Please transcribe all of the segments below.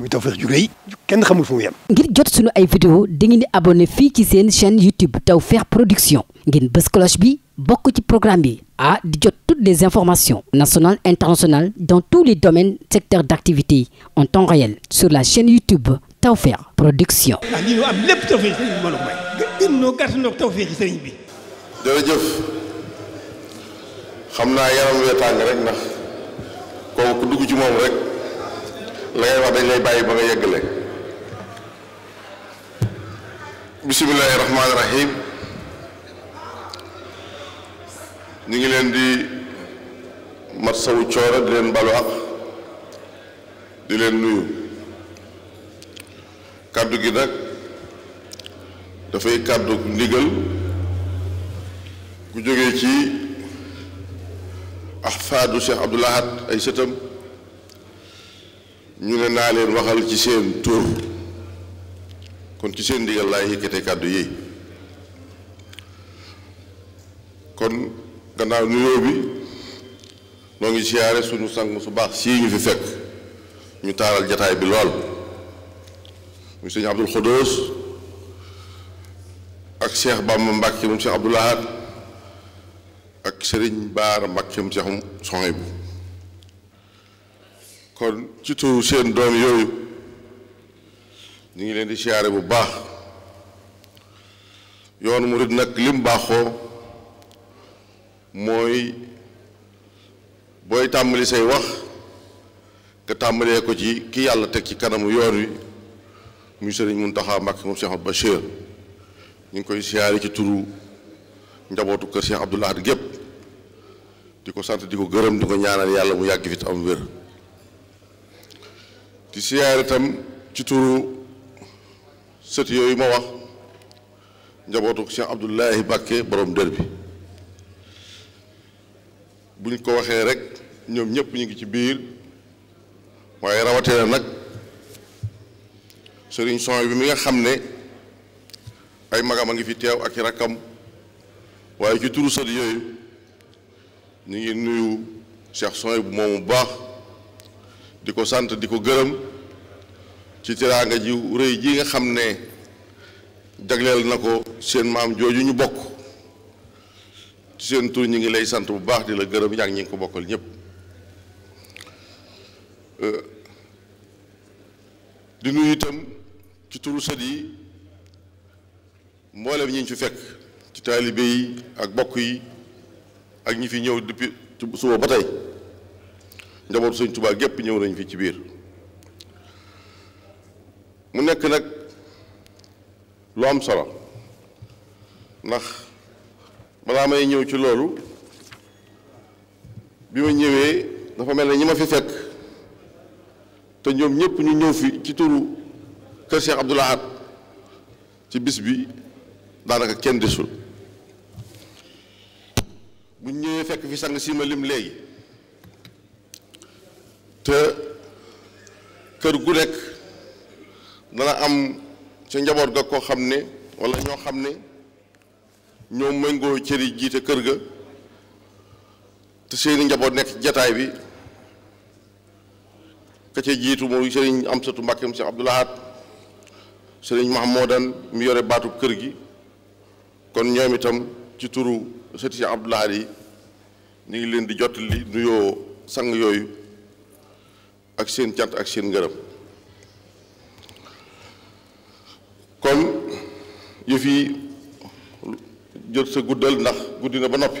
muy Tawfekh ju rëy kenn xamul fu mu yem. ngir jot sunu ay vidéo dangeen di abonné fii ci seen chaîne YouTube Tawfekh Production ngeen bës bi bokk ci programme bi ah di jot toutes les informations nationales internationales dans tous les domaines secteurs d'activité en temps réel sur la chaîne YouTube Tawfekh Production. ah lii ñu am lépp Tawfekh sëriñ bi mbooloo mooy xam naa yaram wee tàng rek ndax kooku dugg ci moom rek. la ngay wax dañ lay bàyyi ba nga yeggale bisimilahi rahmaani rahim ñu ngi leen di mat sawu di leen balu di leen nuyu kàddu gi nag dafay kàddu ndigal ku jóge ci ahfaadu Cheikh Abdoul Ahad ay sëtam ñu ne naa leen waxal ci seen tur kon ci seen ndigal laay yëkkate kàddu yi kon gannaaw nuyoo bi noo ngi siyaare suñu sang su baax sii ñu fi fekk ñu taaral jataay bi lool muy sëñ Abdul Xodóos ak Cheikh Bamba Mbàkke moom Cheikh Abdoul Ahad ak sëriñ Baara Mbàkke moom Cheikh Sohaybu kon ci turu seen doom yooyu ñu ngi leen di siyaare bu baax yoonu murid nag lim baaxoo mooy booy tàmbali say wax nga tàmbalee ko ci ki yàlla teg ci kanamu yoon wi muy sëriñ Muntaxa Mbàkke moom ba Bachir ñu ngi koy siyaare ci turu njabootu kër Cheikh Abdoul Ahad gépp di ko sant di ko gërëm di ko ñaanal yàlla mu yàgg fi te am wér di siyaare itam ci turu sët yooyu ma wax njabootu Cheikh Abdoulahi Bakke borom dër bi buñ ko waxee rek ñoom ñëpp ñu ngi ci biir waaye rawatee na nag sëriñ son bi mi nga xam ne ay magam a ngi fi teew ak i rakkam waaye ci turu sët yooyu ñu ngi nuyu Cheikh son bu moomu baax di ko sant di ko gërëm ci teraanga ji rëy ji nga xam ne jagleel na ko seen maam jooju ñu bokk ci seen tur ñu ngi lay sant bu baax di la gërëm yaa ngi ñu ko bokkal ñépp euh, di nuyu itam ci turu sët yi mboolem ñi ñu fi fekk ci taalibe yi ak bokk yi ak ñi fi ñëw depuis suba ba tey njaboot Sëñ Tuubaa gépp ñëw nañ fii ci biir mu nekk nag lu am solo ndax balaa may ñëw ci loolu bi ma ñëwee dafa mel ne ñi ma fi fekk te ñoom ñëpp ñu ñëw fi ci turu kër Cheikh Abdoul ci bis bi daanaka kenn desul bu ñëwee fekk fi sang si lim léegi te kër gu nekk dana am sa njaboot ga koo xam ne wala ñoo xam ne ñoo méngoo cëri jiite kër ga te seeni njaboot nekk jataay bi ka ca jiitu mooy sëriñ Amsatu Mbàkke mu Seex Abdul Ahad sëriñ mu yore baatu kër gi kon ñoom itam ci turu sëti Seex Abdul yi ñu ngi leen di jottali nuyoo sang yooyu ak seen cant ak seen ngërëm kon yëf yi jël sa guddal ndax guddi na ba noppi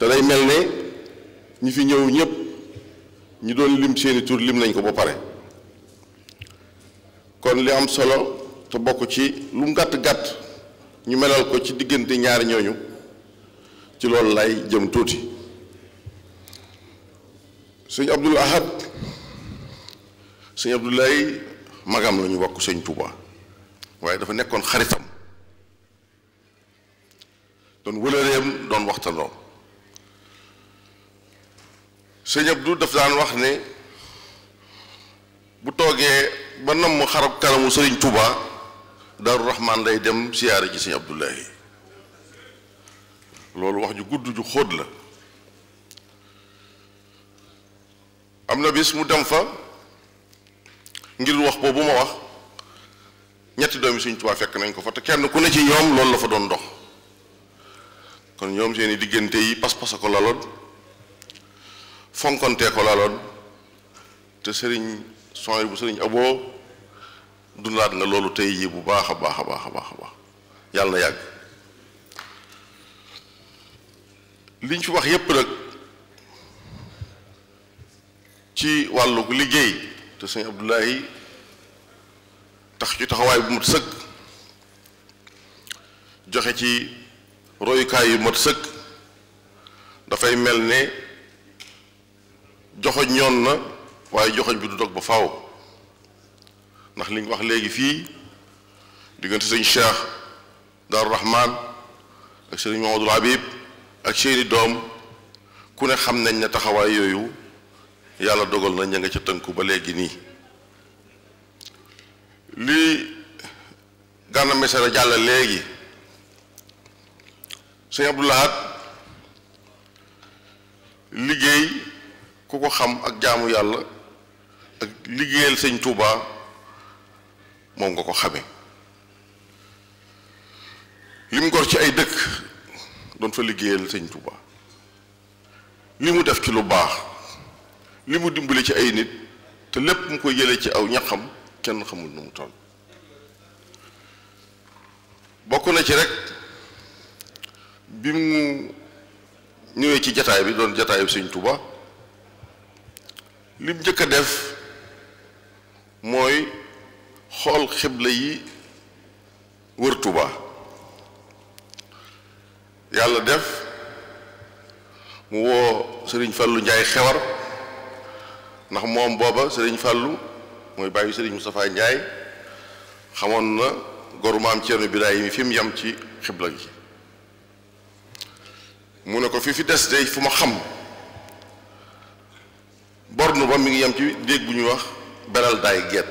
te day mel ne ñi fi ñëw ñëpp ñu doon lim seeni tur lim nañ ko ba pare kon li am solo te bokk ci lu mu gàtt ñu melal ko ci diggante ñaari ñooñu ci loolu lay jëm tuuti sëñ Abdul Ahad sëñ Abdoulaye magam la ñu bokk sëñ Touba waaye dafa nekkoon xaritam doon wëlëreem doon waxtandoo sëñ Abdou daf daan wax ne bu toogee ba nam mu xarab kanamu sëriñ Touba Daaru Rahman lay dem siyaare ji sëñ Abdoulaye loolu wax ju gudd ju xóot la am na bis mu dem fa ngir wax boobu ma wax ñetti doomi Sëriñ Tuubaa fekk nañ ko fa te kenn ku ne ci ñoom loolu la fa doon dox kon ñoom seeni diggante yi pas-pasa ko laloon fonkontee ko laloon te sëriñ songe bu sëriñ aboo dundaat nga loolu tey jii bu baax a baax a baax a baax a baax yàlla na yàgg liñ fi wax yépp nag ci wàllu liggéey te sëñ Abdoulahi tax ci taxawaay bu mat sëkk joxe ci royukaay yu mat sëkk dafay mel ne joxoñ ñoon na waaye joxoñ bi du dog ba faaw ndax li ñu wax léegi fii diggante sëñ Cheikh Daaru Rahman ak sëñ Mamadou Habib ak seeni doom ku ne xam nañ ne taxawaay yooyu yàlla dogal na ña nga ca tënku ba léegi nii lii Gana Messere jàll léegi sëñ Abdou Lahad liggéey ku ko xam ak jaamu yàlla ak liggéeyal sëñ Touba moom nga ko xame li mu gor ci ay dëkk doon fa liggéeyal sëñ Touba li mu def ci lu baax li mu dimbale ci ay nit te lépp mu koy jëlee ci aw ñaxam kenn xamul nu mu toll bokk na ci rek bi mu ñëwee ci jataay bi doon jataay bi Sëñ Tuuba li njëkk a def mooy xool xebla yi wër Tuuba yàlla def mu woo Sëriñ Fallu Njaay xewar ndax moom booba sëriñ fàllu mooy bàyyi sëriñ Moustapha njaay xamoon na goru maam Ceerno Birahim yi fi mu yem ci xibla yi mu ne ko fi fi des day fu ma xam bornu ba mi ngi yem ci déeg bu ñuy wax beral daay geet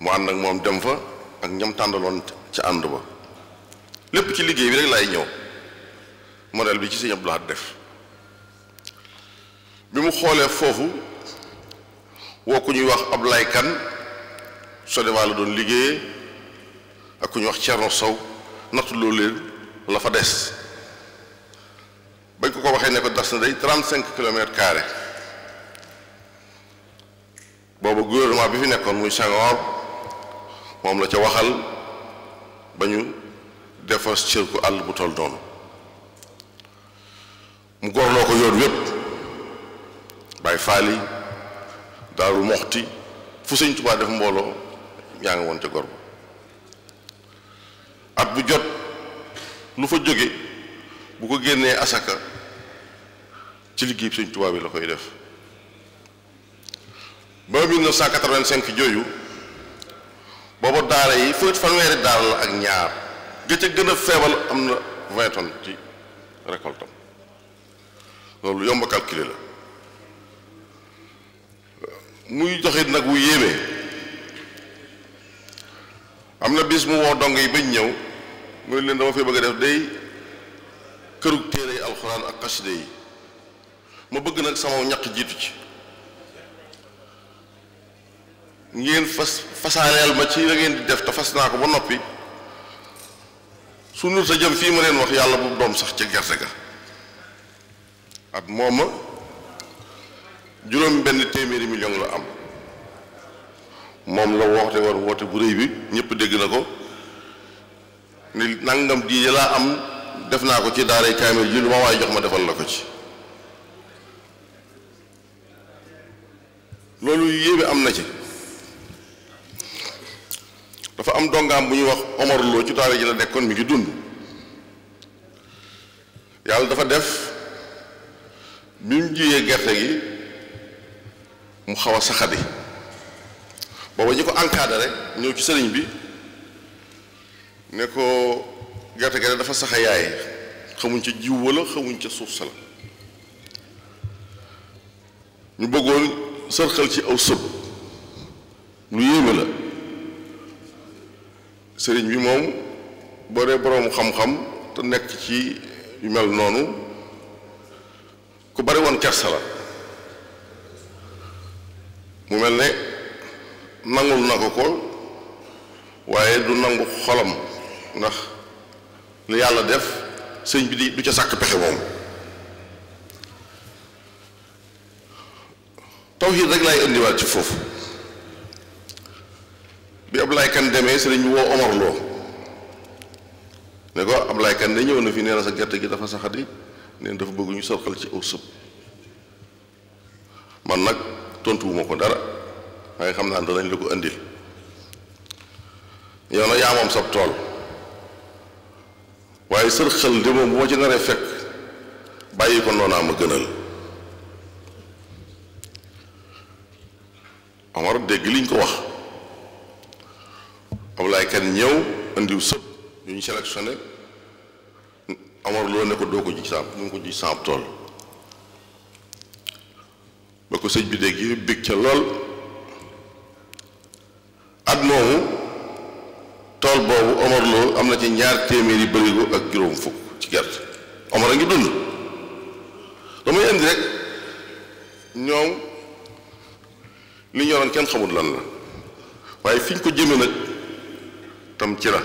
mu ànd ak moom dem fa ak ñam tàndaloon ca ànd ba lépp ci liggéey bi rek laay ñëw modèle bi ci sëñ Abdou Lahad def bi mu xoolee foofu woo ku ñuy wax Ablaay Kan Soneva la doon liggéeyee ak ku ñuy wax Cerno Sow nattu loolu leen la fa des bañ ko ko waxee ne ko das na day trente cinq kilomètres carré booba gouvernement bi fi nekkoon muy Senghor moom la ca waxal ba ñu defas cër ku àll bu toll noonu mu gorloo ko yoon wépp faali daaru moxti fu sëñ tubaa def mbooloo yaa ngi woon ca gor ba at bu jot lu fa jóge bu ko génnee asaka ci liggéey sëñ tubaa bi la koy def ba 1985 jooyu booba daara yi fët fanweeri daara la ak ñaar gëcc gën a feebal am na vingt ci récolte loolu yomb a la muy joxit nag wu yéeme am na bis mu woo dong yi bañ ñëw mu ne leen dama fee bëgg a def day kërug téere yi alxuraan ak xasida yi ma bëgg nag sama ñaq jiitu ci ngeen fas fasaaleel ma ci la ngeen di def te fas naa ko ba noppi su sa jëm fii ma leen wax yàlla bu doom sax ca gerte ga at mooma juróom benn téeméeri million la am moom la woote war woote bu réy bi ñépp dégg na ko ni nangam diine laa am def naa ko ci daaray kaamil ji lu ma waaye jox ma defal la ko ci loolu yéeme am na ci dafa am dongaam bu ñuy wax Omar ci daara ji la nekkoon mi ngi dund yàlla dafa def bi mu jiyee gerte gi mu xaw a saxadi booba ñu ko encadré rek ñëw ci sëriñ bi ne ko gerte gi dafa saxa yaay xamuñ ca jiw wala xamuñ ca suuf sa la ñu bëggoon sërxal ci aw sëb lu yéeme la sëriñ bi moom boo dee boroomu xam-xam te nekk ci yu mel noonu ku bare woon kersa la mu mel ne nangul na ko ko waaye du nangu xolam ndax li yàlla def sëñ bi di du ca sàkk pexe moom tawxiid rek laay indiwaat ci foofu bi Ablaye Kane demee sëriñ bi woo Omar Lo ne ko Ablaye kan de ñëw na fi nee na sa gerte gi dafa saxadi neen dafa bëgg ñu sorxal ci aw sëb man nag tontuwuma ko dara waaye xam naa danañ la ko indil yow na yaa moom sab tool waaye sër xel de moom bu ma ci naree fekk bàyyi ko noonaa ma gënal Omar dégg liñ ko wax Ablaay Kan ñëw indiw sëb yu ñu sélectionné Omar loolu ne ko doo ko ji saab mu ko ji saab tool ko sëñ bi dégg yi bég ca lool at moomu tool boobu Omar am na ci ñaar téeméeri bërigo ak juróom fukk ci gerte Omar a ngi dund damay indi rek ñoom li ñoroon kenn xamul lan la waaye fi ñu ko jëme nag tam ci la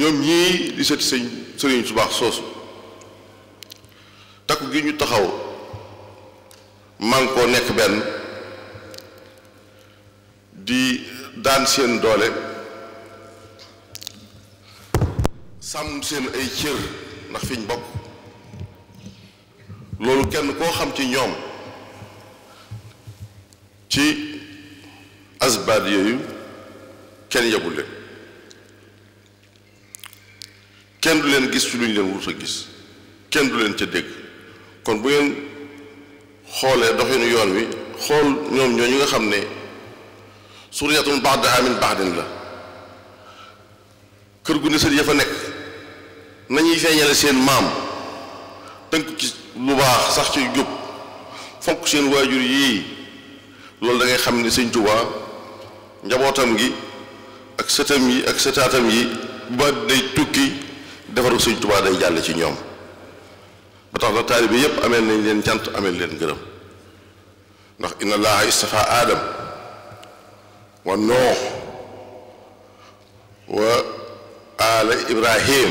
ñoom ñii di seet sëñ sëriñ su baax soosu takku gi ñu taxaw man koo nekk benn di daan seen doole sàmm seen ay cër ndax fiñ bokk loolu kenn koo xam ci ñoom ci asbaad yooyu kenn yabul leen kenn du leen gis ci lu ñu leen wut a gis kenn du leen ca dégg kon bu ngeen xoolee doxinu yoon wi xool ñoom ñooñu nga xam ne suriyatun ba'daha min ba'din la kër gu ne sët ya fa nekk nañuy feeñale seen maam tënk ci lu baax sax ci jub fonk seen waajur yii loolu da ngay xam ne sëñ Tuubaa njabootam gi ak sëtam yi ak sëtaatam yi ba day tukki defaru suñ Tuubaa day jàll ci ñoom ba tax na taalibe yépp ameel nañ leen cant ameel leen gërëm ndax inna allaha istafa aadam wa noox wa ala ibrahim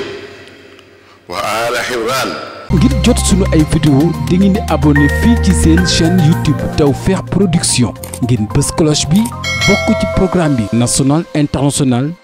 wa ala ximran ngir jot sunu ay vidéo di ngeen di abonné fii ci seen chaîne YouTube Tawfekh Production ngeen bës cloche bi bokk ci programme bi national international